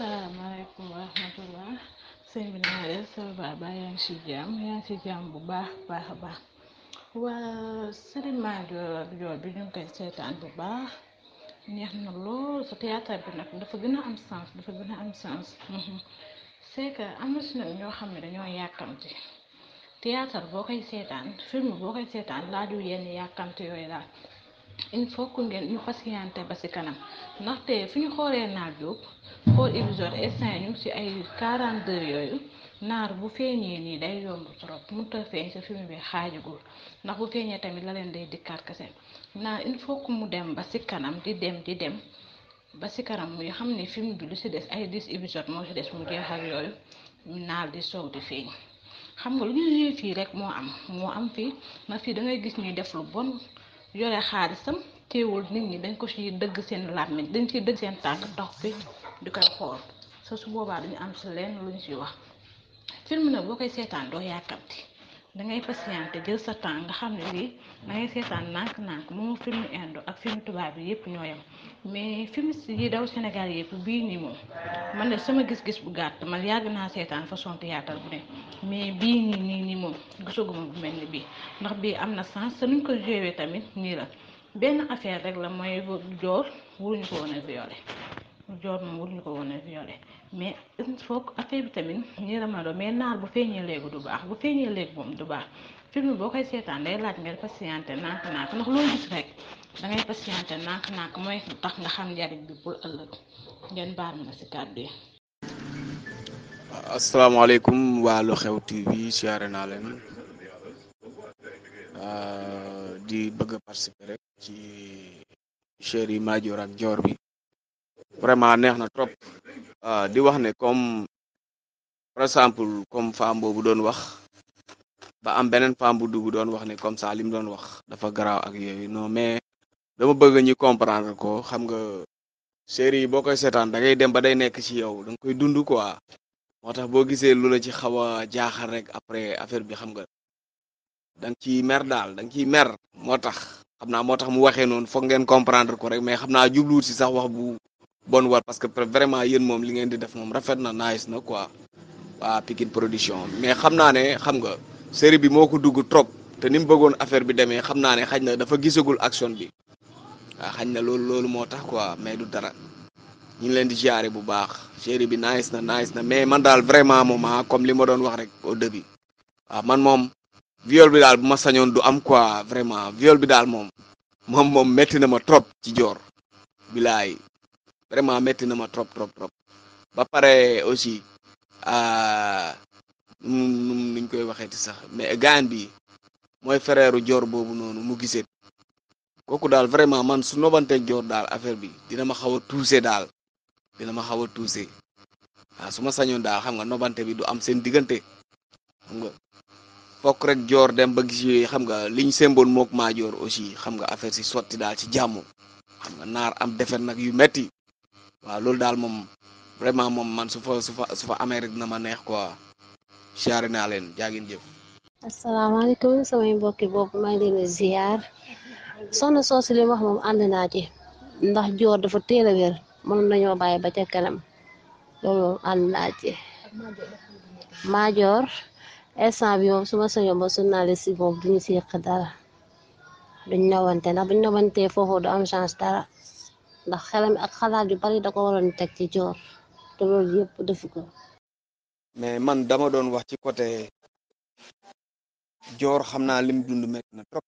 asalaamaaleykum wa rahmatullah sëñ bi na nga def sama baaba yaa ngi ci jàmm yaa ngi ci bu baax baax a baax waa Serigne Madior ak Dior bi ñu ngi koy seetaan bu baax neex na lool sa théâtre bi nag dafa gën a am sens dafa gën a am sens c'est que am si nag ñoo xam ne dañoo yàkkamti théâtre boo koy seetaan film boo koy seetaan laaju yenn yàkkamti yooyu daal il faut que ngeen ñu patienter ba ci kanam ndaxte fi ñu xoolee naar Diop xool épisode instant ñu ci ay 42 yooyu naar bu feeñee nii day yomb trop mënut a feeñ ci film bi xaajagul ndax bu feeñee tamit la leen day dikkaat kese naar il faut que mu dem ba ci kanam di dem di dem ba ci kanam muy xam ne film bi lu ci des ay dis épisode moo ci des mu jeexal yooyu naar di soog di feeñ. xam nga lu ñu fii rek moo am moo am fii na fii da ngay gis ñuy def bon. yore xaalisam teewul nit ñi dañ ko ci dëgg seen làmmiñ dañ ciy dëgg seen tànk dox bi di koy xool sa su boobaa duñu am si leen lu ñu ciy wax film nag boo koy seetaan doo yàkkamti da ngay patienté jël sa temps nga xam ne lii da ngay seetaan nànk-nànk moom film indo ak film tubaab yi yëpp ñoo yem mais film yi daw Sénégal yëpp bii nii moom man ne sama gis-gis bu gàtt man yàgg naa seetaan façon théâtre bu ne mais bii nii nii nii moom gisaguma bu mel ni bii ndax bii am na sens te nuñ ko joué tamit nii la benn affaire rek la mooy joor wuruñu ko woon a violé joor moom waruñu ko woon a violé mais il faut que affaire bi tamit ñi ramado mais naar bu feeñee léegi du baax bu feeñee léegi moom du baax film boo koy seetaan day laaj nga patienté nànk nànk ndax loo gis rek da ngay patienté nànk tax nga xam njariñ bi pour ëllëg ngeen baar ma si kàddu Xew TV siyaare naa leen ah, di bëgg a participer rek ci chers yi ak Dior bi. vraiment neex na trop a ah, di wax ne comme par exemple comme femme boobu doon wax ba am beneen femme bu dugg doon wax ne comme ça li mu doon wax dafa garaaw ak yooyu non mais dama bëgg ñu comprendre ko xam nga série yi boo koy seetaan da ngay dem ba day nekk ci yow da nga koy dund quoi moo tax boo gisee lu la ci xaw a jaaxal rek après affaire bi xam nga da nga ciy mer daal da nga ciy mer moo tax xam naa moo tax mu waxe noonu foog ngeen comprendre ko rek mais xam naa jubluwut si sax wax bu. bon war parce que vraiment yéen moom li ngeen di def moom rafet na nice na quoi waa Pikine production mais xam naa ne xam nga série bi moo ko dugg trop te ni mu bëggoon affaire bi demee xam naa ne xaj na dafa gisagul action bi waaw na loolu loolu moo tax quoi mais du dara ñu ngi leen di jaare bu baax série bi nice na nice na mais man daal vraiment moom ah, comme li ma doon wax rek au début waaw man moom viole bi daal bu ma sañoon du am quoi vraiment viole bi daal moom moom moom métti na ma trop ci joor bilaay vraiment métti na ma trop trop trop ba pare aussi ah, num nuñ koy waxeeti sax mais gaan bi mooy fereeru joor boobu noonu mu gisee kooku daal vraiment man su nobanteeg joor daal affaire bi dina ma xaw a tuuse daal dina ma xaw a tuuse waaw ah, su ma sañoon daal xam nga nobante bi du am seen diggante xam nga fokk rek joor dem ba gis yooyu xam nga liñ semboon moog maa joor aussi xam nga affaire si sotti daal ci jàmm xam nga naar am defet nag yu metti waaw loolu daal moom vraiment moom man su fa su na ma neex quoi siyaare naa leen jaagin jëf. asalaamaaleykum samay mbokki boobu maa ngi leen di ziar soxna soosu li mu moom ànd naa ci ndax joor dafa teel a wér mënoon nañoo bàyyi ba ca kanam loolu moom ànd naa ci maajoor instant bi moom su ma sañoon ba journaliste yi moom duñu seq dara duñ nawante ndax buñ nawantee foofu am chance dara. ndax xelam ak xalaat yu bari da ko waroon teg ci joor mais man dama doon wax ci côté joor xam naa lim dund metti na trop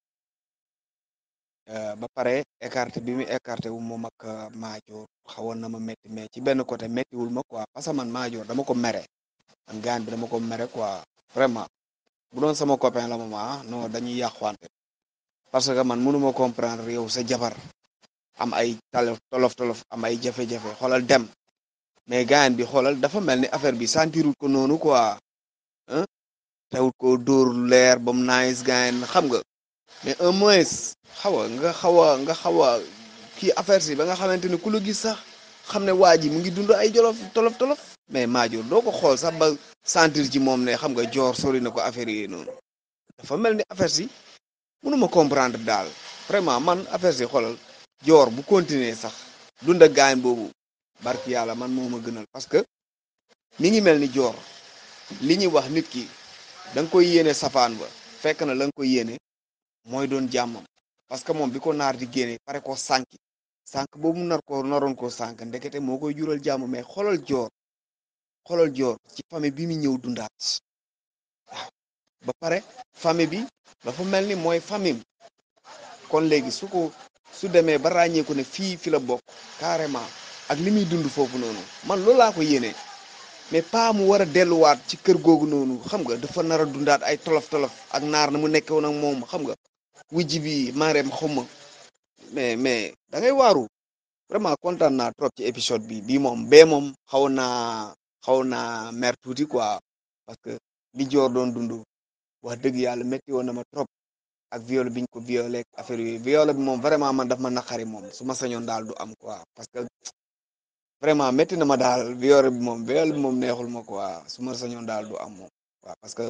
euh, ba pare écarte bi mu écarté wu moom ak euh, maajoor xawoon na ma métti mais ci benn côté méttiwul ma quoi parce que man maajoor dama ko mere man gaan bi dama ko mere quoi vraiment bu doon sama copain la moom ah non dañuy yàqwante parce que man mënuma comprendre yow sa jabar am ay tolof tolof am ay jafe-jafe xoolal dem mais gaayan bi xoolal dafa mel ni affaire bi sentirul ko noonu quoi tewut ko dóor leer ba mu nice gaayan xam nga mais un moins xaw a nga xaw a nga xaw a kii affaire si ba nga xamante ne ku la gis sax xam ne waa ji mu ngi dund ay jolof tolof tolof mais maajoor doo ko xool sax ba sentir ji moom ne xam nga joor sori na ko affaire yi noonu dafa mel ni affaire si mënuma comprendre daal vraiment man affaire si xoolal joor bu continuer sax dund ak gaañ boobu barki yàlla man moo ma gënal parce que mi ngi mel ni joor li ñuy wax nit ki da koy yéene safaan ba fekk na la koy yéene mooy doon jàmmam parce que moom bi ko naar di génne pare ko sànki sànk boobu mu nar ko naroon ko sànk ndekete moo koy jural jàmm mais xolal joor xolal joor ci famille bi mu ñëw dundaat waaw ba bi dafa mel mooy famille kon léegi su su demee ba ràññeeku ne fii fi la bokk carrément ak li muy dund foofu noonu man loolu laa ko yéene mais pas mu war a delluwaat ci kër googu noonu xam nga dafa nar a dundaat ay tolof tolof ak naar na mu nekkoon ak moom xam nga wujj bi maareem xawma mais mais da ngay waaru vraiment kontaan naa trop ci épisode bi bii moom bee moom xaw naa xaw naa mer tuuti quoi parce que li joor doon dund wax dëgg yàlla métti woon na ma trop ak viol biñ ko violé ak affaire yooyu viol bi moom vraiment man daf ma naqari moom su ma sañoon daal du am quoi parce que vraiment métti na ma daal viol bi moom viol moom neexul ma quoi su ma sañoon daal du am waaw parce que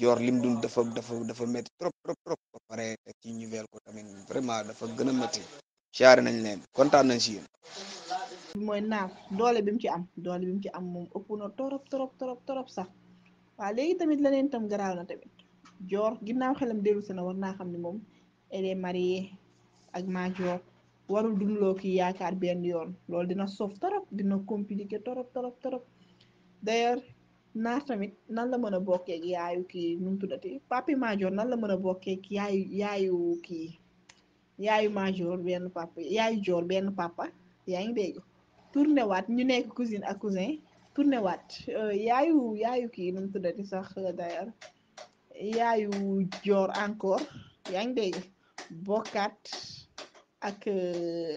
joor lim dund dafa dafa dafa métti trop trop trop ba pare teg ci ko tamit vraiment dafa gën a métti siyaare nañ leen kontaan nañ si yéen mooy naam doole bi ci am doole bi ci am moom ëpp na torop torop sax waaw léegi tamit leneen tam garaaw na tamit Dior ginnaaw xelam dellu si na war naa xam ne moom elle est ak Madior warul dundloo ki yaakaar benn yoon loolu dina sof torop dina compliqué torop torop torop d'ailleurs naar tamit nan la mën a bokkee ak yaayu kii nu tuddati papi nan la mën a bokkee ak yaayu kii yaayu Madior benn papa yaayu Dior benn papa yaa ngi dégg tourné waat ñu nekk cousine ak cousin tourné waat euh, yaayu yaayu kii nu mu tuddati sax d'ailleurs yayu joor encore yaa ngi dégg bokkaat ak euh,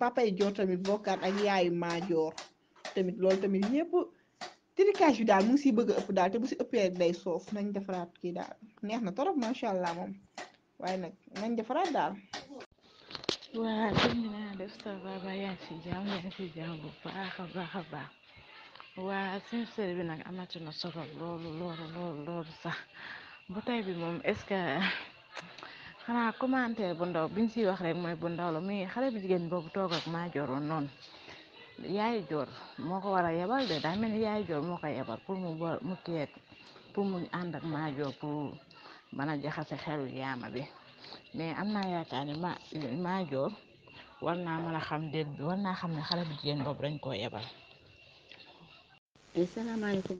papay joor tamit bokkaat ak yaayu maajoor tamit loolu tamit yëpp tricage daal mu ngi siy bëgg ëpp daal te bu si ëppee rek soof nañ defaraat kii daal neex na torop mancha allah moom waaye nag nañ defaraat daal. waa dégg bi nag amati na solo loolu bouteille bi moom est-ce que xanaa commentaire bu ndaw biñ siy wax rek mooy bu ndaw la muy xale bu jigéen boobu toog ak maa jooroon noonu yaay joor moo ko war a yebal de daa mel yaay joor moo ko yebal pour mu boole mu pour mu ànd ak maa pour mën a jaxase xelu yaama bi mais am na yaakaar ni ma maa joor war naa mën a xam déet bi war naa xam ne xale bu jigéen boobu dañ koo yebal. asalaamaaleykum.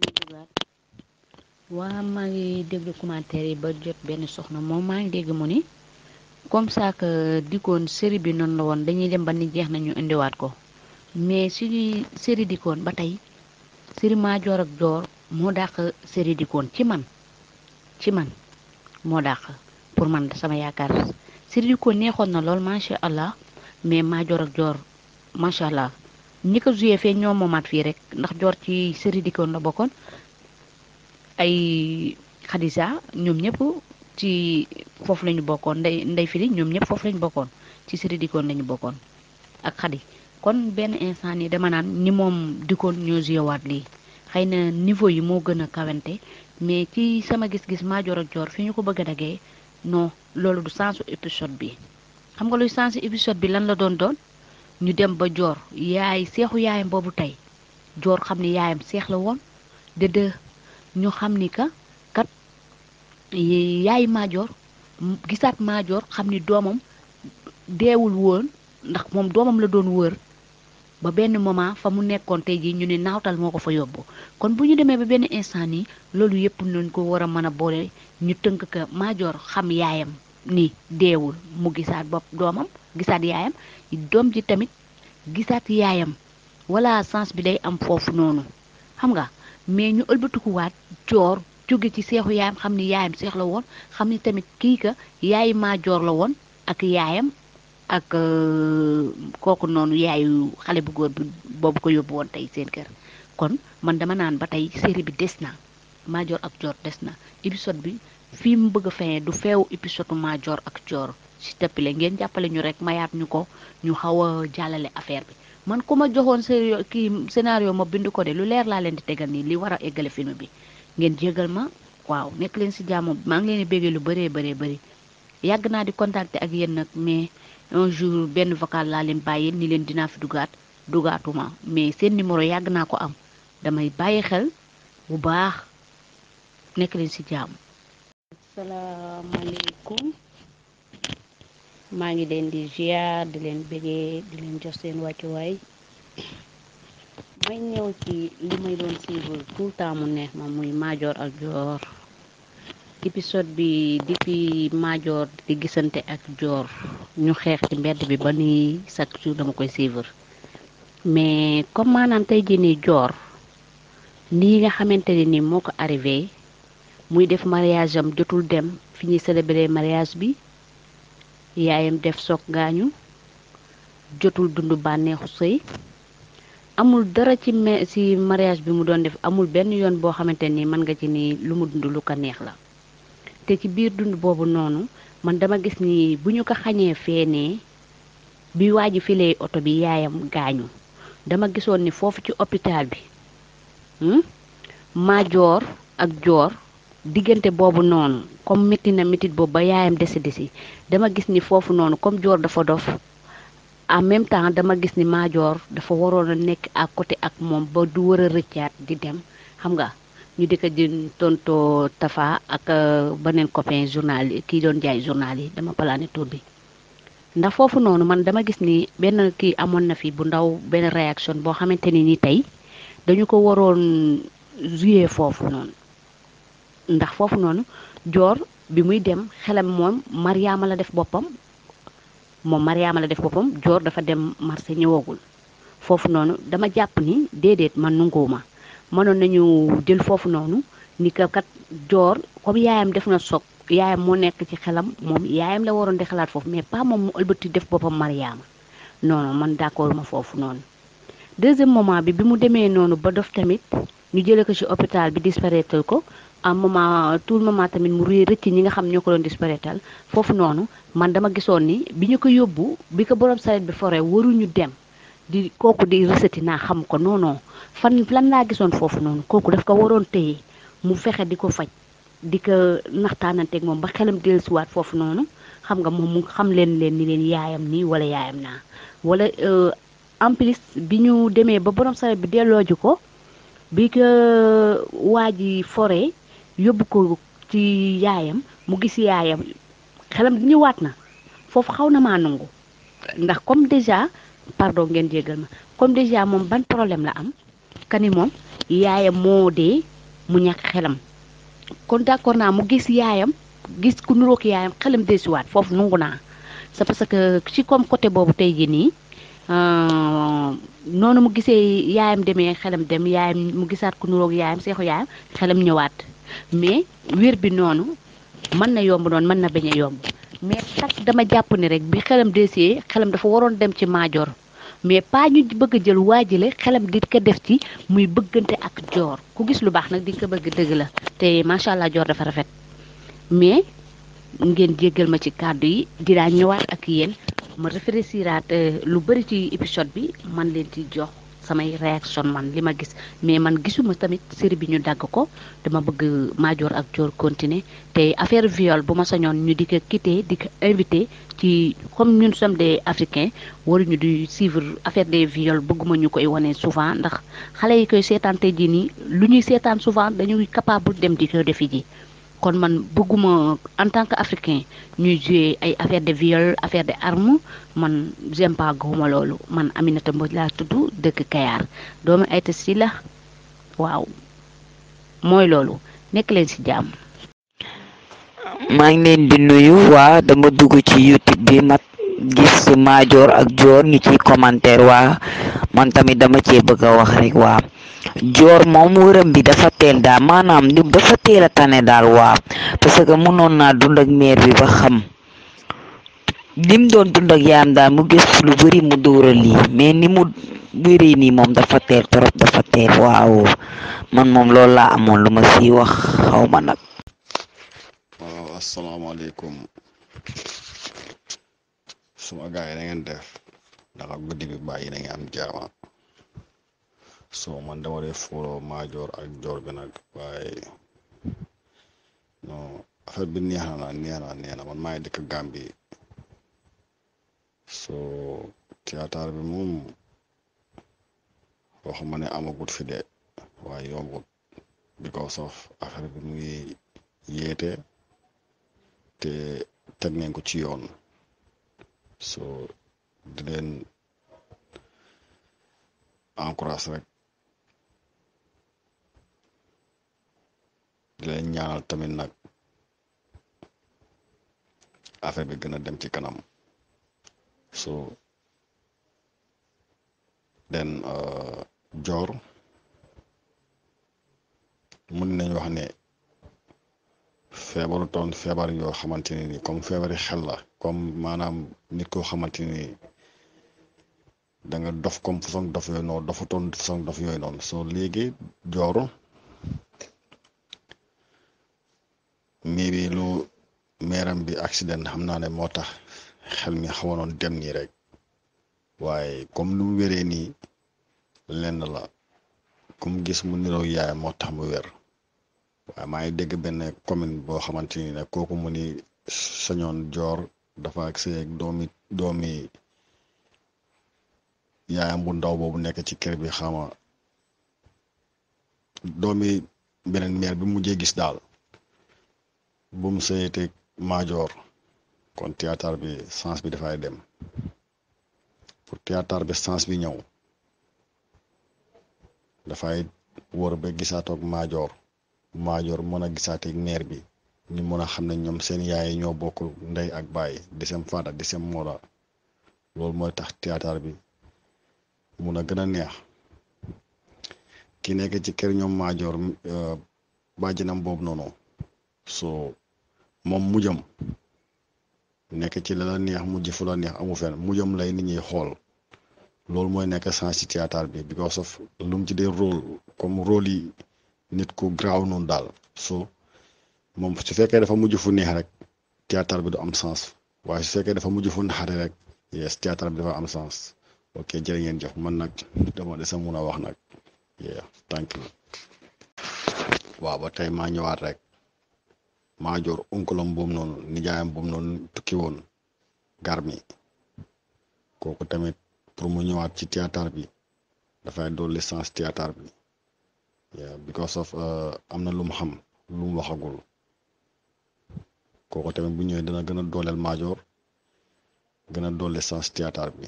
waa maa ngi déglu commentaire yi ba jot benn soxna moom maa ngi dégg mu ni comme ça que dikkoon série bi noonu la woon dañuy dem ba ni jeex nañu indiwaat ko mais si série dikkoon ba tey série Madior ak joor moo dàq série dikkoon ci man ci man moo dàq pour man sama yaakaar série dikkoon neexoon na lool macha allah mais Madior ak Dior macha allah ñi ko joué fee ñoo moomaat fii rek ndax Dior ci série dikkoon la bokkoon. ay Khadija ñoom ñëpp ci foofu la ñu bokkoon nday ndey firi ñoom ñëpp foofu la bokkoon ci série dikkoon la ñu bokkoon ak Khady kon benn instant yi dama naan ñi moom Dikoon ñoo jéewaat lii xëy na niveau yi moo gën a kawante mais ci sama gis-gis maa joor ak joor fi ñu ko bëgg a dagee non loolu du sensu épisode bi xam nga luy sensu épisode bi lan la doon doon ñu dem ba joor yaay seexu yaayam boobu tey joor xam ne yaayam seex la woon ñu xam ni ka kat yaay maajoor gisaat maajoor xam ni doomam deewul woon ndax moom doomam la doon wër ba benn moment fa mu nekkoon tey jii ñu ne naawtal moo ko fa yóbbu kon bu ñu demee ba benn instant yi loolu yëpp nañ ko war a mën a boole ñu tënk ka maajoor xam yaayam ni deewul mu gisaat bopp doomam gisaat yaayam doom ji tamit gisaat yaayam wala sens bi day am foofu noonu xam nga mais ñu ëlbatikuwaat joor jóge ci seexu yaayam xam ni yaayam seex la woon xam ni tamit kii ka yaay maa joor la woon ak yaayam ak euh, kooku noonu yaayu xale bu góor bi boobu ko yóbbu woon tey seen kër kon man dama naan ba tey série bi des na maajoor ak joor des na épisode bi fii mu bëgg a feeñee du feew épisode maajoor ak joor ci tëppile ngeen jàppale ñu rek mayaat ñu ko ñu xaw a jàllale affaire bi man ku ma joxoon sérieux kii scénario ma bind ko de lu leer laa leen di tegal nii li war a eggale film bi ngeen jégal ma waaw nekk leen si jàmm maa ngi leen béggee lu bëree bëree bëri yàgg naa di contacter ak yéen nag mais un jour benn vocal laa leen bàyyi ni leen dinaa fi dugaat dugaatuma mais seen numéro yàgg naa ko am damay bàyyi xel bu baax nekk leen si jàmm. asalaamaaleykum. maa ngi leen di ziar di leen bëggee di leen jox seen wàccuwaay may ñëw ci li may doon suivre tout temps mu neex ma muy Madior ak Dior épisode bi depuis Madior di gisante ak joor ñu xeex ci mbedd bi ba ni chaque jour dama koy suivre mais comme maanaam tey jii nii nii nga xamante ne ni moo ko arrivé muy def mariage am jotul dem fi ñuy célébrer mariage bi. yaayam def soog gaañu jotul dund bànneexu sëy amul dara ci ci mariage bi mu doon def amul benn yoon boo xamante ni mën nga ci ni lu mu dund lu ko neex la te ci biir dund boobu noonu man dama gis ni bu ñu ko xañee feenee bi waa ji filee oto bi yaayam gaañu dama gisoon ni foofu ci hôpital bi hmm, maajoor ak joor diggante boobu noonu comme métti na métit boobu ba yaayam décédé si dama gis ni foofu noonu comme joor dafa dof en même temps dama gis ni maajoor dafa waroon a nekk ak côté ak moom ba du war a rëccaat di dem xam nga ñu di ko di tonto Tafa ak euh, beneen copain journal yi kii doon jaay journal yi dama plané tour bi ndax foofu noonu man dama gis ni benn kii amoon na fi bu ndaw benn réaction boo xamante ni nii tey dañu ko waroon jouer foofu noonu ndax foofu noonu joor bi muy dem xelam moom Mariama la def boppam moom Mariama la def boppam joor dafa dem marché ñëwagul foofu noonu dama jàpp ni déedéet man nanguwuma mënoon nañu jël foofu noonu ni ko kat joor comme yaayam def na soog yaayam moo nekk ci xelam moom yaayam la waroon di xalaat foofu mais pas moom mu ëlbati def boppam Mariama non non man d'accord ma foofu noonu deuxième moment bi mu demee noonu ba dof tamit ñu jële ko ci hôpital bi disparaître ko. à moment tout moment tamit mu réer rëcc ñi nga xam ñoo ko doon disparaître foofu noonu man dama gisoon ni bi ñu ko yóbbu bi ko borom sareet bi fore waruñu dem di kooku di receti naa xam ko non non fan lan laa gisoon foofu noonu kooku daf ko waroon téye mu fexe di ko faj di ko naxtaananteeg moom ba xelam dellusiwaat foofu noonu xam nga moom mu xam leen leen ni leen yaayam nii wala yaayam naa wala euh, en plus bi ñu demee ba borom sareet bi dellooju ko bi ko ji fore yóbbu ko ci yaayam mu gis yaayam xelam di ñëwaat na foofu xaw na maa nangu ndax comme déjà pardon ngeen jégal ma comme déjà moom ban problème la am kani moom yaayam moo dee mu ñàkk xelam kon d'accord naa mu gis yaayam gis ku nurook yaayam xelam desuwaat foofu nangu naa c'est parce que ci comme côté boobu tey jii nii euh, noonu mu gisee yaayam demee xelam dem yaayam mu gisaat ku nurook yaayam seexu yaayam xelam ñëwaat mais wér bi noonu mën na yomb noonu mën na bañ a yomb mais takk dama jàpp ni rek bi xelam desee xelam dafa waroon dem ci maajoor mais paa ñu bëgg a jël waajale xelam di ko def ci muy bëggante ak joor ku gis lu baax nag di ko bëgg dëgg la te macha allah joor dafa rafet mais ngeen jéggal ma ci kàddu yi dinaa ñëwaat ak yéen ma réfléchiraat euh, lu bëri ci épisode bi man leen ci jox samay réaction man li ma gis mais man gisuma tamit série bi ñu dagg ko dama bëgg Madior ak Dior continuer te affaire viole bu ma sañoon ñu di ko quitté di ko invité ci comme ñun sommes des africains waruñu di suivre affaire des viols bëgguma ñu koy wane souvent ndax xale yi koy seetaan tey nii lu ñuy seetaan souvent dañuy capable dem di ko defi ji kon man bëgguma en tant que africain ñuy jouer ay affaire de viol affaire de arme man j'aime pas loolu man Aminata Mbodj laa tudd dëkk Kayar doomu Aïta Sy la waaw mooy loolu nekk leen ci jàmm. maa ngi leen di nuyu waa dama dugg ci youtube bi ma gis Madior ak joor ñu ci commentaire waa man tamit dama cee bëgg a wax rek waa. joor moom wërëm bi dafa teel daal maanaam ñu dafa teel daal waaw parce que mënoon naa dund ak meer bi ba xam lim doon dund ak yaam daal mu gis lu bëri mu dóora mais ni mu bëri nii moom dafa teel trop dafa teel waaw man moom loolu laa amoon lu ma si wax xaw ma nag. waaw asalaamaaleykum suma gars yi na ngeen def guddi bi bàyyi na ngeen am jaama. so man dama dee fooloo maajoor ak joor bi nag waaye non affaire bi neex na neex na man maa ngi dëkk Gàmbi so théâtre bi moom waxuma ne amagut fi de waaye yombut because of affaire bi mu ngi yeete te teg nañ ko ci yoon so di encourage rek di leen ñaanal tamit nag affaire bi gën a dem ci kanam so den uh, joor mun nañ wax ne feebaru toon feebar yoo xamante ne ni comme feebari xel la comme maanaam nit koo xamante ni da nga dof comme façon dof yooyu noonu dofutoon façon dof yooy noon so léegi jooru meeram bi accident xam naa ne moo tax xel mi xawanoon dem nii rek waaye comme lu mu wéree nii lenn la comme gis mu niroo yaay moo tax mu wér waaye maa ngi dégg benn commune boo xamante ni ne kooku mu ni sañoon joor dafa ak seeg doomi doomi yaayam bu ndaw boobu nekk ci kër bi xama doomi beneen meer bi mujjee gis daal bu mu maajoor kon théâtre bi sens bi dafay dem pour théâtre bi sens bi ñëw dafay wor ba gisaatoog maajoor maajoor mën a gisaateeg meer bi ñu mën a xam ne ñoom seen yaay ñoo bokk ndey ak baay di seen faada di seen mooda loolu mooy tax théâtre bi mun a gën a neex ki nekk ci kër ñoom maajoor euh, bàjjanam boobu noonu so moom mujjam nekk ci lala neex mujj fu la neex amu fenn mujjam lay nit ñuy xool loolu mooy nekk sens ci théâtre bi because of lu mu ci dee rôle comme rôle yi nit ku graaw noonu daal so moom su fekkee dafa mujj fu neex rek théâtre bi du am sens waaye su fekkee dafa mujj fu naxare rek yes théâtre bi dafa am sens ok jërë ngeen jëf man nag dama desa mun a wax nag yeah thank you waaw ba tey maa ñëwaat rek maajoor onkulam boobu noonu nijaayam boobu noonu tukki woon garmi kooku tamit pour mu ñëwaat ci théâtre bi dafay dool licence théâtre bi because of uh, am na lu mu xam lu waxagul kooku tamit bu ñëwee dana gën a dooleel maajoor gën a dool licence théâtre bi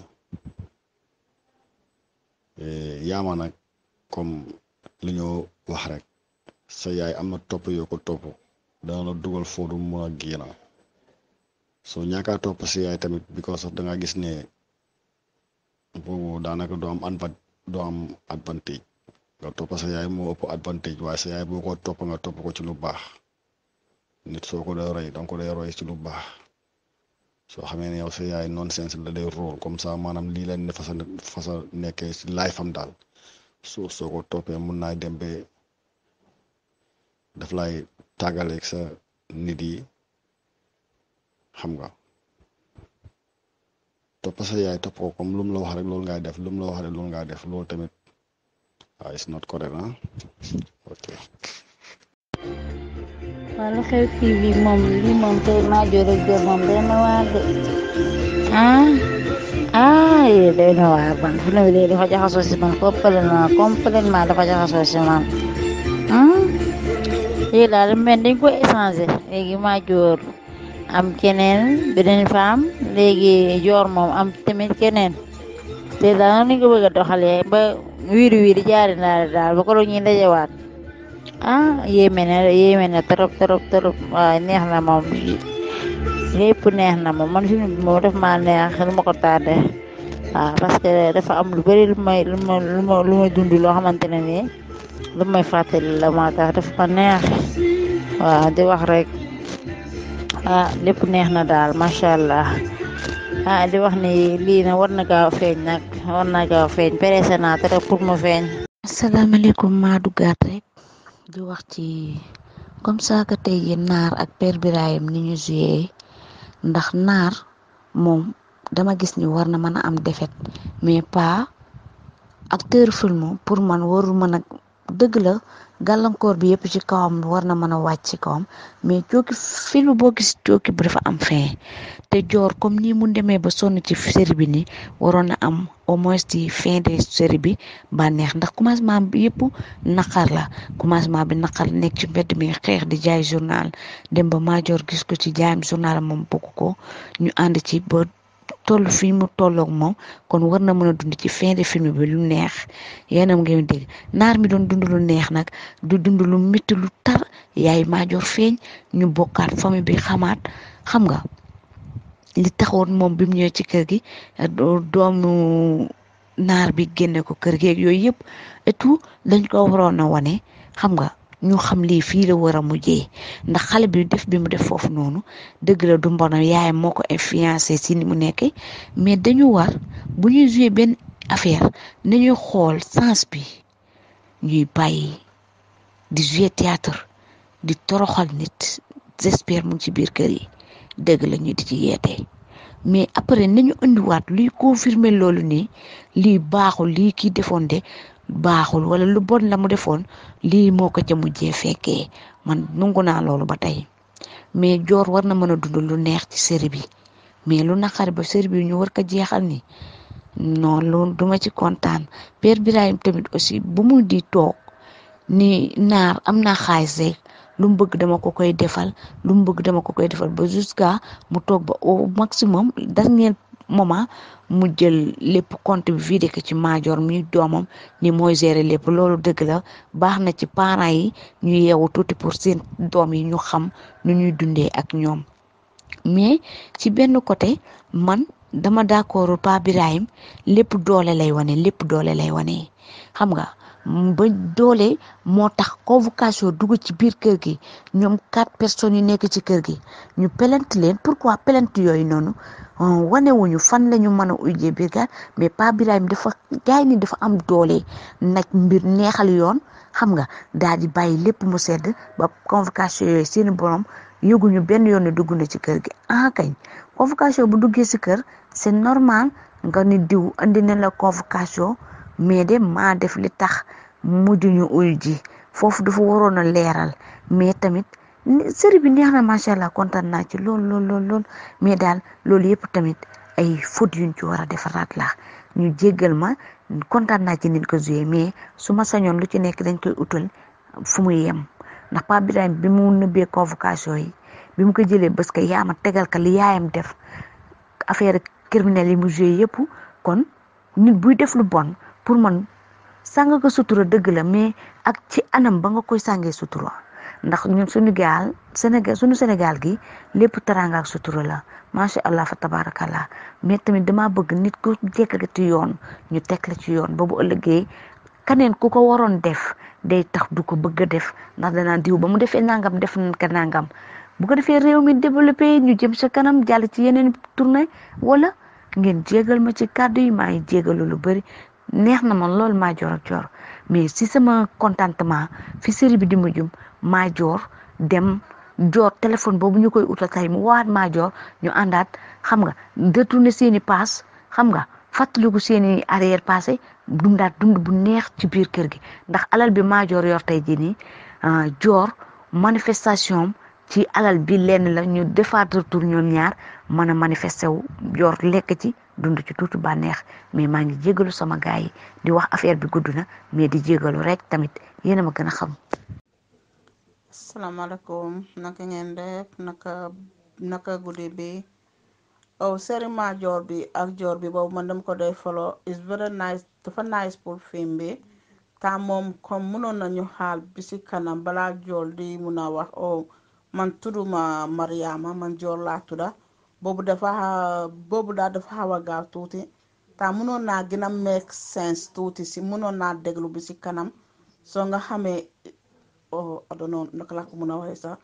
eh, yaama nag comme li ñoo wax rek sa yaay am na topp yoo ko topp dana dugal foo du mën a génn so ñàkkaa topp si yaay tamit because of danga gis ne boobu daanaka doo am doo am advantage nga topp sa yaay moo ëpp advantage waaye sa yaay boo ko topp nga topp ko ci lu baax nit soo ko day roy danga ko day roy ci lu baax soo xamee ne yow sa yaay nonsense la day róol comme sa maanaam lii lañ ne fasa nekkee si laay fam daal soo soo ko toppee mun naa dem ba daf lay tàggaleeg sa nit yi xam nga topp sa yaay topp ko comme la wax rek loolu ngay def lu la wax rek loolu ngay tamit ah, it's not correct ah ok. waaw Xew TV moom lii moom tey maa jóor ak moom day na waar de ah, ah man fu ne dafa jaxasoo si man complètement complètement dafa jaxasoo si man ah. lii daal mel dañ ko échangé léegi Madior am keneen beneen femme léegi Dior moom am tamit keneen te daal ni ko bëgg doxalee ba wiiri di jaari ndaare daal ba ko doon ñuy dajewaat ah yéeme na trop trop trop waaw neex na moom lépp neex na moom man film bi moom daf maa neex lu ma ko tardé waaw parce que dafa am lu bari lu may lu ma lu ma lu dund loo xamante ne nii lu may fàttali la maa tax daf ko neex waaw di wax rek ah lépp neex na daal macha allah ah, di wax ni lii na war na gaaw a feeñ nag war na gaaw a feeñ pressé naa pour mu feeñ. asalaamaaleykum maa duggaat rek di wax ci comme ça que tey ji naar ak père Birahim ni ndax naar moom dama gis ni war na mën a am defet mais pas acteur film pour man warul mën dëgg la gàllankoor bi yëpp ci kawam war na mën a wàcc ci kawam mais cooki filmu boo gis cooki bu dafa am fin te joor comme nii mu demee ba sonn ci série bi nii waroon na am au moins ci fin de série bi bànneex ndax commencement bi yëpp naqar la commencement bi naqar nekk ci mbedd mi xeex di jaay journal dem ba maajoor gis ko ci jaayam journal moom bokk ko ñu ànd ci ba toll fii mu tolloog moom kon war na mën a dund ci fin de film bi lu neex yéen a ngeen dégg naar mi doon dund lu neex nag du dund lu métti lu tar yaay maajoor feeñ ñu bokkaat famille bi xamaat xam nga li taxoon moom bi mu ñëwee ci kër gi doomu naar bi génne ko kër geeg yooyu yëpp et tout dañ koo waroon a wane xam nga. ñu xam lii fii la war a mujjee ndax xale bi def bi mu def foofu noonu dëgg la du mbona yaay moo ko influencé si ni mu nekk mais dañu war bu ñuy joué benn affaire nañuy xool sens bi ñuy bàyyi di joué théâtre di toroxal nit j'espère mu ci biir kër yi dëgg la di ci yeete mais après nañu indiwaat luy confirmer loolu nii lii baaxul lii kii defoon de baaxul wala lu bon la mu defoon lii moo ko ca mujjee fekkee man nungu naa loolu ba tey mais joor war na mën a dund lu neex ci série bi mais lu naqari ba série bi ñu war ko jeexal ni non loolu duma ci kontaan per Birahim tamit aussi bu mu di toog ni naar am na xaalis rek lu mu bëgg dama ko koy defal lu mu bëgg dama ko koy defal ba jusqu'à mu toog ba au maximum dernier moment mu jël lépp compte bi vidé ko ci maajoor mi doomam ni mooy gérer lépp loolu dëgg la baax na ci parent yi ñu yeewu tuuti pour seen doom yi ñu xam nu ñuy dundee ak ñoom mais ci benn côté man dama d'accord Pa Birahim lépp doole lay wane lépp doole lay wane xam nga ba doole moo tax convocation dugg ci biir kër gi ñoom quatre personnes yu nekk ci kër gi ñu pelante leen pourquoi pelent yooyu noonu Euh, wane wuñu fan la ñu mën a ujjee biir ga mais Pape mi dafa gaay ni dafa am doole nag mbir neexal yoon xam nga daal di bàyyi lépp mu sedd ba convocation yooyu seeni borom yëguñu benn yoon ne dugg na ci kër gi ah kañ convocation bu duggee si kër c'est normal nga ni diw andi na la convocation mais de maa def li tax mujj ñu ji foofu dafa waroon a leeral mais tamit. série bi neex na macha allah kontaan naa ci lool lool lool lool mais daal loolu yëpp tamit ay fautes yuñ ci war a defaraat laa ñu jéggal ma kontaan naa ci nit ko joué mais su ma sañoon lu ci nekk dañ koy utal fu muy yem ndax Pape Birahim bi mu nëbbee convocation yi bi mu ko jëlee parce que ma tegal ka li yaayam def affaire criminelle yi mu joué yëpp kon nit buy def lu bon pour man sanga ko sutura dëgg la mais ak ci anam ba nga koy sàngee sutura. ndax ñun suñu gaal Sénégal suñu Sénégal gi lépp teraanga ak sutura la macha allah fa tabarakallah mais tamit dama bëgg nit ku jekk ci yoon ñu teg ci yoon ba bu ëllëgee kaneen ku ko waroon def day tax du ko bëgg a def ndax danaan diw ba mu defee nangam def nañ nangam bu ko defee réew mi développé ñu jëm sa kanam jàll ci yeneen tournée wala ngeen jégal ma ci kàddu yi maa ngi jégalu lu bëri neex na ma lool maa jor ak jor mais si sama contentement fi série bi di mujjum maa joor dem joor téléphone boobu ñu koy utal tey mu waat maa joor ñu àndaat xam nga détourné seen i paas xam nga fàttaliku seen i arrière passé dundaat dund bu neex ci biir kër gi ndax alal bi maa joor yor tey jii nii ah, joor manifestation ci alal bi lenn la ñu defaat retour ñoom ñaar mën a manifesté wu joor lekk ci dund ci tuuti bànneex mais maa ngi jégalu sama gaay di wax affaire bi gudd na mais di jégalu rek tamit yéen a ma gën a naka ngeen def naka guddi bi oh sériment joor bi ak joor bi boobu man dama ko doy follow is very nice dafa nice pour film bi ta moom comme mënoon nañu xaal bi si kanam balaa joor di mun wax oh man tudduma Mariama man joor laa tudda boobu dafa boobu daal dafa xaw a gaaw tuuti te mënoon naa gën a make sense tuuti si mënoon naa déglu bi si kanam soo nga xamee adono oh, naka laa ko mën a waxee sax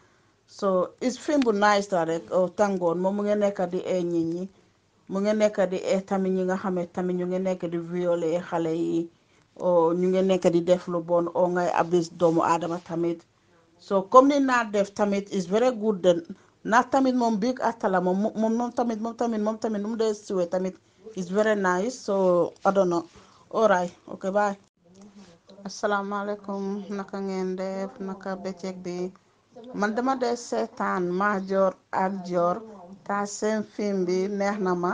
so it's film bu nice la rek oh, tàngoon moom mu ngi nekka di ee nit ñi mu ngi nekk di ee tamit ñi nga xamee tamit ñu ngi nekk di violé xale yi oh, ñu ngi nekk di def lu bon o ngay abis doomu aadama tamit soo comme ni naa def tamit is very good ndax tamit moom big actor la moom moom tamit moom tamit moom tamit nu mu dee siwee tamit is very nice so I don't know all right ok naka ngeen naka bëccëg bi man dama dee seetaan Madior ak Dior ta seen film bi neex na ma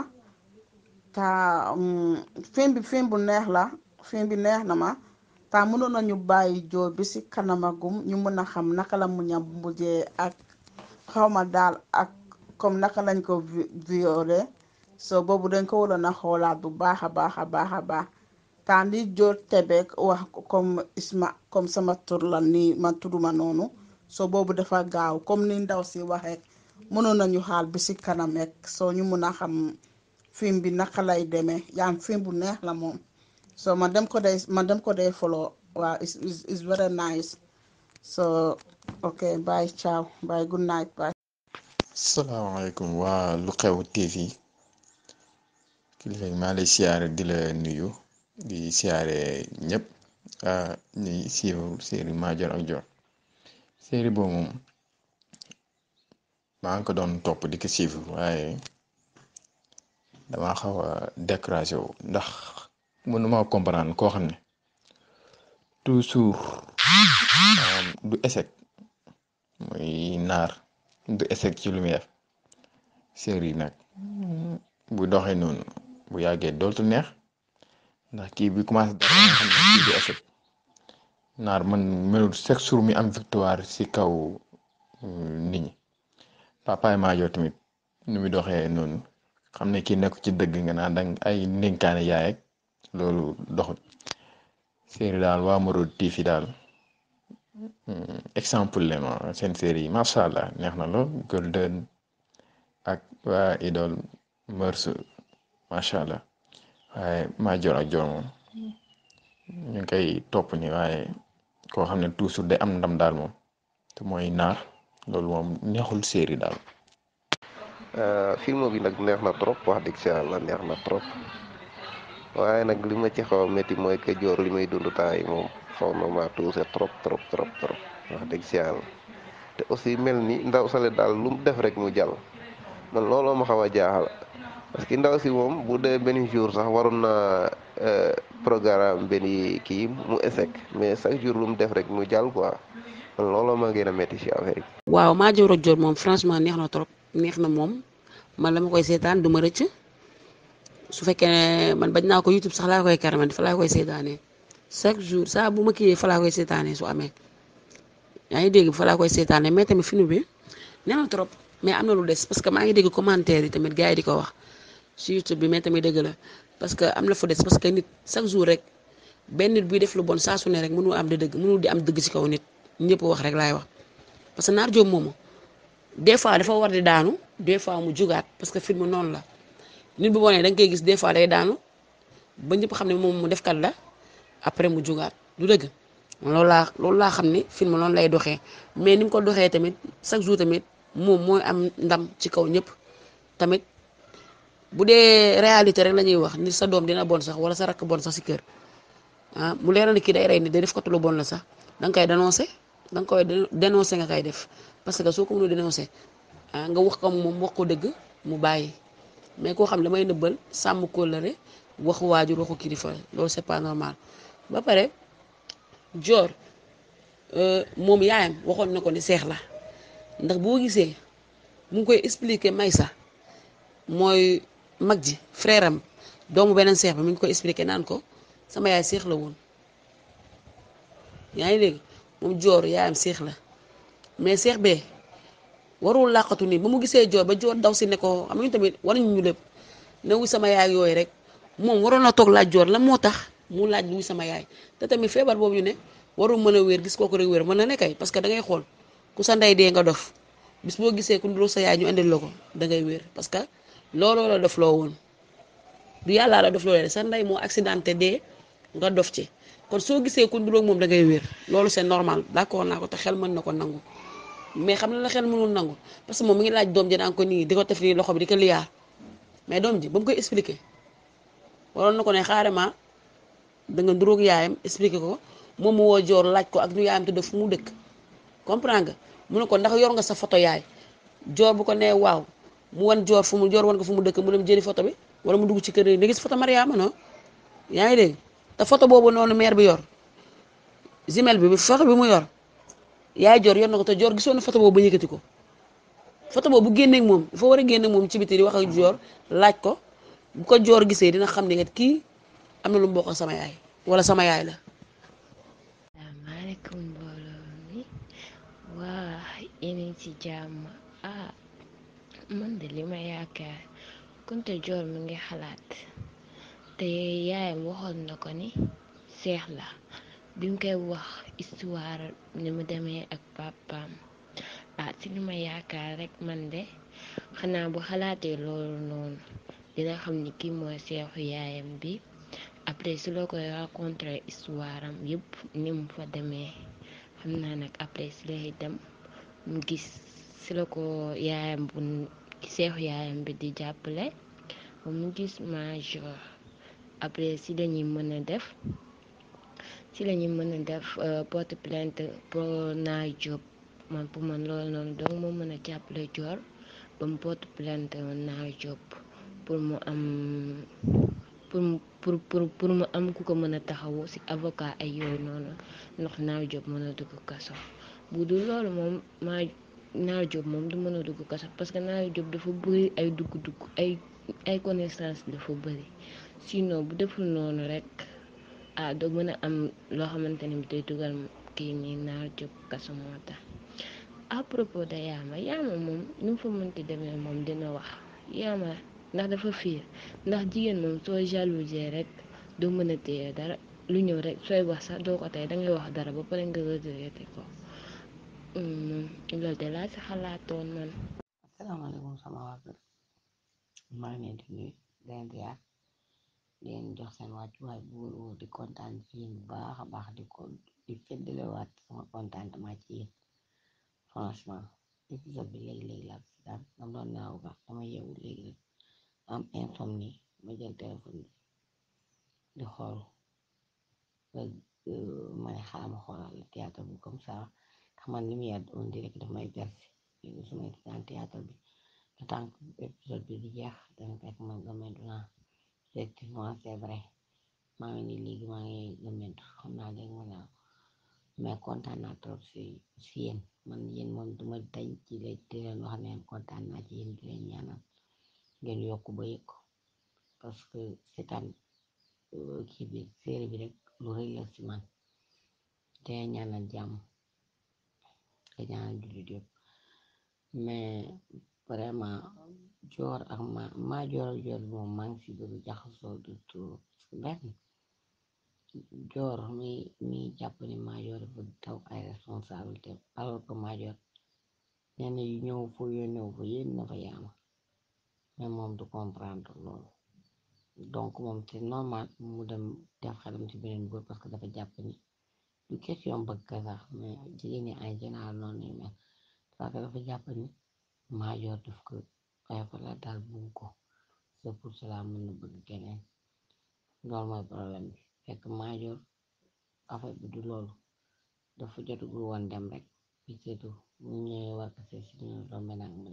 ta mm, film bi film bu neex la film bi neex na ma ta mënoon nañu bàyyi Dior bi si kanamagum ñu mën a xam naka la mu ñam mujjee ak. xawma daal ak comme naka lañ ko violé so boobu dañ ko waroon na xoolaat bu baax a baax a baax a baax temps li joor tebeek wax comme isma comme sama tur la nii ma turuma noonu so boobu dafa gaaw comme ni ndaw si waxee mënoon nañu xaal bi si kanam rek soo ñu mun a xam film bi naka lay demee yaam film bu neex la moom so ma dem ko day man dem ko day follow waaw is is very nice so ok bye ciao bye good night bye. salaamaaleykum waa lu xew TV kilifa maa lay siyaare di la nuyu di siyaare ñëpp ah, ñuy siiwal série Madior ak Dior série boobu moom maa ngi ko doon topp di ko waaye dama xaw a découragé wu ndax mënuma comprendre koo xam ne toujours du échec. muy naar du échec ci lu muy def série yi nag bu doxee noonu bu yàggee dootul neex ndax kii bi commencé dara nga naar man melut chaque jour mi am victoire si kaw euh, nit ñi papaay Maajo tamit nu muy doxee noonu xam ne kii nekk ci dëgg nga naan dang ay ndénkaane yaay loolu doxul série daal waa Marodi TV daal. Hmm, exemple le ma seen série yi macha allah neex na lool Golden ak waa Idole Mœurs macha allah waaye Madior ak Dior moom ñu ngi koy topp ni waaye koo xam ne toujours day am ndam daal moom te mooy naar loolu moom neexul série daal. Euh, film bi nag neex na trop wax dëgg si yàlla neex na trop waaye nag li ma ci xaw a métti mooy que Dior li may dund temps xaw na maa tuuse trop trop trop trop wax dëgg si yàlla te aussi mel ni ndaw sale daal lu mu def rek mu jàll man looloo ma xaw a jaaxal parce que ndaw si moom bu dee benn jour sax waroon naa euh, programme benn kii mu échec mais chaque jour lu mu def rek mu jàll quoi man looloo ma gën a métti si affaire yi. waaw Madior Dior moom franchement neex na trop neex na moom man la ma koy seetaan du ma rëcc su fekkee man bañ naa ko YouTube sax laa koy karama dafa laa koy seetaanee. chaque jour saa bu ma kiiyee fa laa koy seetaanee su amee yaa ngi dégg fa laa koy seetaanee mais tamit film bi nee trop mais am na lu des parce que maa ngi dégg commentaire yi tamit gars yi di ko wax si YouTube bi mais tamit dëgg la parce que am na fu des parce que nit chaque jour rek benn nit buy def lu bon saa su ne rek mënul am di dëgg mënul di am dëgg ci kaw nit ñëpp wax rek laay wax parce que Naar Diop moomu des fois dafa war di daanu des fois mu jugaat parce que film noonu la bu bonee da nga gis des fois day daanu ba ñëpp xam ne moom mu defkat la. après mu jógaat du dëgg loolu laa loolu laa xam ne film loolu lay doxee mais ni mu ko doxee tamit chaque jour tamit moom mooy am ndam ci kaw ñëpp tamit bu dee réalité rek la ñuy wax ni sa doom dina bon sax wala sa rakk bon sax si kër ah mu leeral kii day rey ni day def kottu lu bon la sax danga nga koy dénoncé da nga koy dénoncé nga kay def parce que soo ko mënul a ah nga wax ko moom wax ko dëgg mu bàyyi mais koo xam ne damay nëbbal sàmm kóllëre waxu waajur waxu kilifa loolu c'est pas ba pare joor euh, moom yaayam waxoon na ko ni seex la ndax boo gisee mu ngi koy expliquer sax mooy mag ji freeram am doomu beneen seex bi mu ngi koy expliquer naan ko sama yaay seex la woon yaa ngi léegi moom joor yaayam seex la mais seex bee warul làqatu nii ba mu gisee joor ba joor ndaw si ne ko xam nga tamit waruñu ñu lépp ne sama yaay yooyu rek moom waroon na toog laa joor la moo tax. mu laaj luy sama yaay te tamit feebar boobu ñu ne waru mën a wér gis kooku rek wér mën na ne kay parce xool ku sa ndey dee nga dof bis boo gisee ku sa yaay ñu indil la ko da ngay wér parce que looloo la dof loo woon du yàlla la dof loo sa ndey moo accidenté dee nga dof ci kon soo gisee ku nduróog moom da ngay wér loolu c'est normal d'accord naa ko te xel mën na ko nangu mais xam na la xel mënul nangu parce que moom mi ngi laaj doom ji daan ko nii di ko tef nii loxo bi di ko liyaar mais doom ji ba mu koy expliquer waroon ko ne danga nga yaayam expliqué ko moom mu woo joor laaj ko ak nu yaayam tudd fu mu dëkk comprendre nga mu ne ko ndax yor nga sa foto yaay joor bu ko nee waaw mu wan joor fu mu joor wan ko fu mu dëkk mu dem jëli photo bi wala mu dugg ci kër yi nga gis photo Mariama yaa ngi dégg te photo boobu noonu mère bi yor jumelle bi photo bi mu yor yaay joor yor na ko te joor gisoon na photo boobu ba yëkkati ko photo boobu bu génneeg moom foo war a génneeg moom ci biti di wax ak joor laaj ko bu ko joor gisee dina xam ne kii am na lu mu bokk sama yaay. wala sama yaay la. asalaamaaleykum mbooloo ci jàmm ah man de li ma yaakaar Kunta Jool mi ngi xalaat te yaayam waxoon na ko ni seex la bi mu koy wax histoire ni mu demee ak papaam ah ci li ma yaakaar rek man de xanaa bu xalaatee loolu noonu dina xam ni kii mooy seexu yaayam bi. après si la koy raconter histoire am yëpp ni mu fa demee xam naa nag après si lay dem mu gis si la ko yaayam bu seexu yaayam bi di jàppale ba mu gis ma majeur après si lañuy mën a def si lañuy mën a def euh, porte plainte pour naa job man pour man loolu noonu donc moo mën a jàppale joor ba mu porte plainte naa job pour mu am pour mu pour pour pour mu am ku ko mën a taxawu ci avocat ay yooyu noonu ndox naaw job mën a dugg kaso bu dul loolu moom maa naaw job moom du mën a dugg kaso parce que naaw job dafa bëri ay dugg-dugg ay ay connaissance dafa bëri sinon bu deful noonu rek ah doo mën a am loo xamante ni day dugal kii nii naaw job kaso moo tax à propos yaama yaama moom nu mu fa mënti demee moom dina wax yaama. ndax dafa fiir ndax jigéen moom soo jalousé rek doo mën a téye dara lu ñëw rek sooy wax sax doo ko tey dangay wax dara ba pare nga regretté ko mm, loolu de laa si xalaatoon man. asalaamaaleykum sama waa kër maa ngi leen di nuyu leen di yaar leen jox seen wàccuwaay bu wóor di kontaan ci yéen bu baax a baax di ko di feddalewaat sama contentement ci yéen franchement épisode bi léegi léegi laa baax dama yeewu léegi am informe ni ma jël téléphone di xool euh, ma ne xaaral ma xoolal théâtre bi comme ça xaman li on direct daf may persi léegi su théâtre bi le temps épisode di jeex dana fekk ma gëmmentu naa effectivement c'est vrai maa ngi nii léegi maa ngi xam naa mais kontaan na trop si si man yéen moom duma dañ ci leen di leen wax ne kontaan naa ci yéen di leen ñaanal ngeen yokk ba yëg parce que seetaan kii bi série rek lu rëy la si man te ñaanal jàmm te ñaanal jullit yëpp mais vraiment joor ak ma maa joor ak si bëgg jaxasoo du tuur benn joor mi mi jàpp ni maajoor bu taw ay responsabilité alors que maajoor nee na yu ñëw fu yónneew fu yéen na fa moom du comprendre loolu donc moom c'est normal mu def xelam ci beneen góor du question bëgg sax mais jigéen ñi en général noonu lañu parce que dafa jàpp ni maa yor def ko waaye fa la daal bugg cela mën na bëgg keneen loolu mooy problème bi fekk maa yor bi du loolu dafa jotugul woon dem rek bi seetu mu ñëwee war si ñu rombe nag mu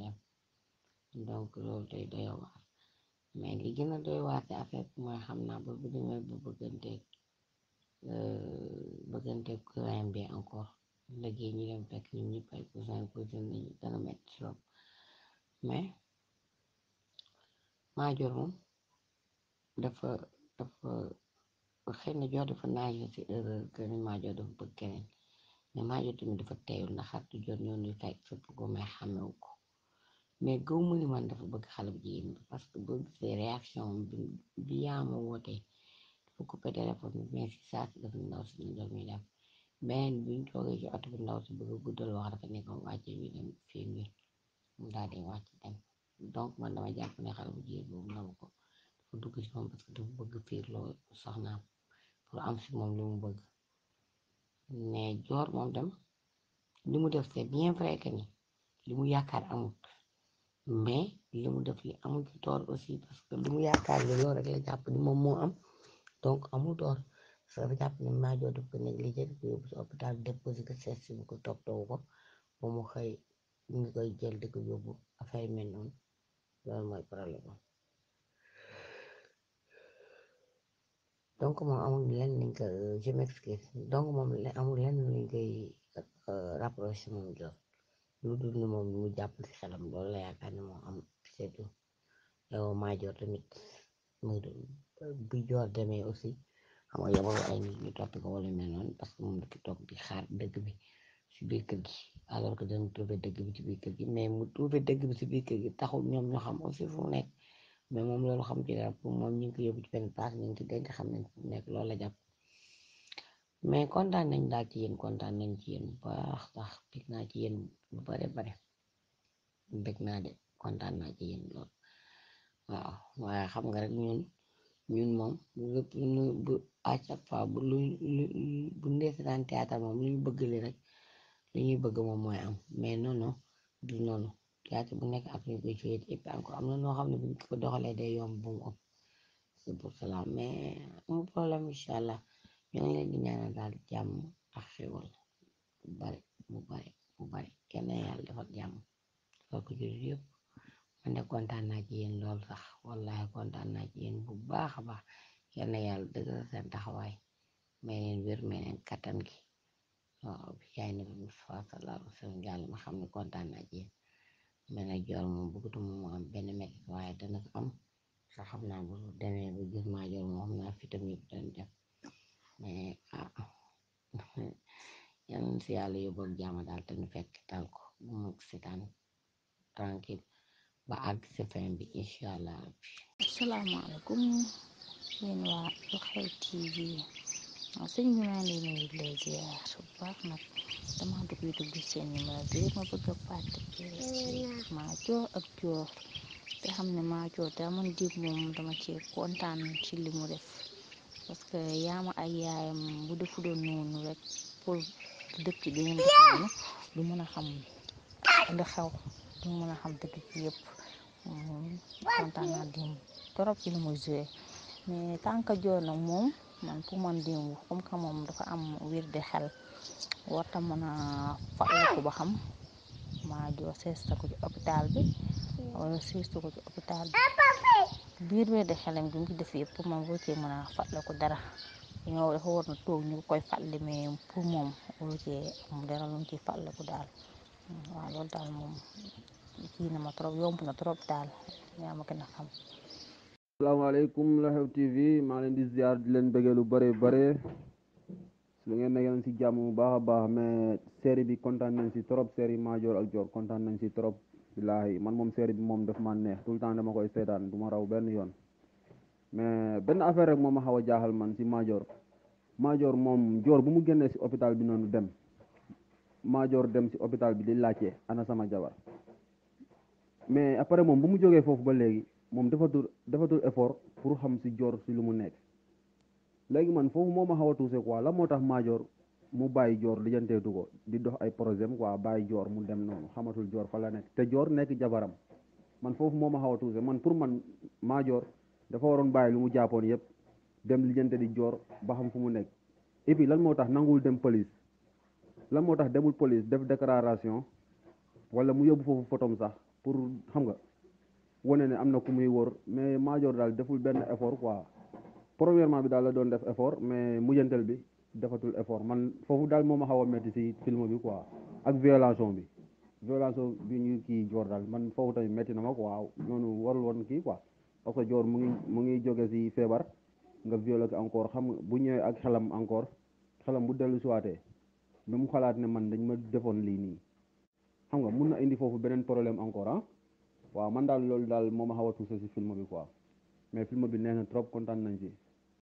donc loolu day mais li gën a doywaar ci mooy xam naa ba bu demee ba bëgganteeg bëgganteeg client bi encore léegi ñu dem fekk ñun ñëpp ay cousin cousin lañu dana metti lool mais Madior moom dafa dafa xëy na Dior dafa naaje ci erreur que ni Madior dafa bëgg keneen mais Madior dafa teeyul ndax xaritu Dior ñoo nuy fekk fépp ko mais xamewu ko mais gëw man dafa bëgg xale bu jigéen bi parce que boo gisee réaction bi bi yaama woote dafa coupé téléphone bi mais si saa si dafa ndaw si ñu doon ñu dem beneen bi ñu toogee ci bi ndaw si bëgg a guddal wax dafa nekk wàcce ñu dem mu daal di wàcc dem donc man dama jàpp ne xale bu jigéen boobu ndaw ko dafa si moom parce que dafa bëgg fiir loo pour am si moom li mu bëgg mais joor moom dem li mu def c'est bien vrai que ni li mu yaakaar amut mais li mu def li amul tool aussi parce que li mu yaakaar ne loolu rek moom moo am donc amul tool parce que jàpp ne maajoo def ko négligé ko si hôpital déposé ko seet si ko toppatoo ko ba mu ngi koy jël di ko yóbbu affaire yi mel noonu loolu mooy problème donc moom amul lenn liñ ko je m'excuse donc moom amul lenn koy euh, rapproché moom lu dul ni moom mu jàpp ci xelam loolu la yaakaar ne moo am seetu yow maajoor tamit mu bu joor demee aussi xam nga yabal ay nit ñu ko wala mel noonu parce que moom ki toog di xaar dëgg bi ci biir kër gi alors que dana trouvé dëgg bi ci biir kër gi mais mu trouvé dëgg bi ci biir kër gi taxul ñoom ñu xam aussi fu mu nekk mais moom loolu xam ci dara pour moom ñu ngi ko yóbbu ci benn place ñu xam ne fu nekk loolu la jàpp. mais kontaan nañ daal ci yéen kontaan nañ ci yéen bu baax sax bég naa ci yéen bu bare bare bég naa de kontaan naa ci yéen lool waaw waaye xam nga rek ñun ñun moom lépp bu à chaque fois bu lu bu ndeesetaan théâtre moom lu ñu bëgg li rek lu ñuy bëgg moom mooy am mais non non du noonu théâtre bu nekk ak ñu koy joué et am na noo xam ne bu ñu ko doxalee day yomb bu mu ëpp c'est pour cela mais amul problème incha allah ñoo ngi daal jàmm ak xewal bu bari bu bari bu bari kenn yàlla defal jàmm defal ko jur yëpp man ci yéen lool sax wallahi kontaan naa ci yéen bu baax a baax kenn yàlla dëggal seen taxawaay may leen wér may leen kattan gi waaw bi yaay nabi Mustafa sallallahu alayhi wa sallam xam ne kontaan naa ci yéen man ak am benn waaye dana xam naa bu demee bu gis maa joor moom xam fitam yëpp mais ah yal na si daal te fekk tal ko ba àgg si fin bi allah rabbi. asalaamaaleykum yéen waa Lu Xew TV waaw ah, sëñ bi maa ngi leen di nuyu ziar bu baax nag dama dugg dugg seen numéro bi ma bëgg a fàttali maa ak joor te xam ne maa joor te amoon moom dama ci kontaan ci li mu def. parce que yaama ay yaayam bu defuloon noonu rek pour dëkk bi ngeen def noonu du mën a xam li xew du mën a xam dëkk bi yëpp kontaan naa démb trop mais tant que joo nag moom man pour man démb comme que moom dafa am wér di xel warta mën a fàttali ko ba xam maa joo seesta ko ci hôpital bi wala seesta ko ci hôpital bi. biir weer de xelam bi mu ci def yëpp moom waru cee mën a ko dara ñoo dafa war na toog ñu koy fàttali mais pour moom waru cee am dara lu mu ciy fàttaliku daal waaw loolu daal moom kii na ma trop yomb na trop daal yaa ma gën a xam. asalaamaaleykum la xew tv maa leen di ziar leen bëggee lu bare bare lu ngeen nekkee ci jàmm bu baax a baax bi kontaan nañ ci trop série major ak joor kontaan nañ ci trop. billaahi man moom série bi moom daf ma neex tout le temps dama koy seetaan du ma raw benn yoon mais benn affaire rek moom ma xaw a jaaxal man si majoor Madior moom joor bu mu génnee si hôpital bi noonu dem Madior dem si hôpital bi di laajte ana sama jabar mais après moom bu mu jógee foofu ba léegi moom defatul defatul effort pour xam si joor si lu mu nekk léegi man foofu moom ma xaw a tuuse quoi la moo tax Madior mu bàyyi joor lijjanteetu ko di dox ay projet ko bàyyi joor mu dem noonu xamatul joor fa la nekk te joor nekk jabaram man foofu moo ma xaw a man pour man maa dafa waroon bàyyi lu mu jàppoon yëpp dem lijjante di joor ba xam mu nekk et lan moo tax nanguwul dem police lan moo tax demul police def déclaration wala mu yóbbu foofu photom sax pour xam nga wane ne am na ku muy wóor mais maa daal deful benn effort quoi premièrement bi daal la doon def effort mais mujjantal bi defatul effort man foofu daal moom a xaw a métti si film bi quoi ak violation bi violation bi ñuy kii joor daal man foofu tamit metti na ma waaw noonu warul woon kii quoi parce joor mu ngi mu ngi joge si feebar nga violé ko encore xam nga bu ñëwee ak xelam encore xelam bu dellu siwaatee ba mu xalaat ne man dañ ma defoon lii nii xam nga mun na indi foofu beneen problème encore ah waaw man daal loolu daal moom a xaw a tuuse si film bi quoi mais film bi neex na trop kontaan nañ ci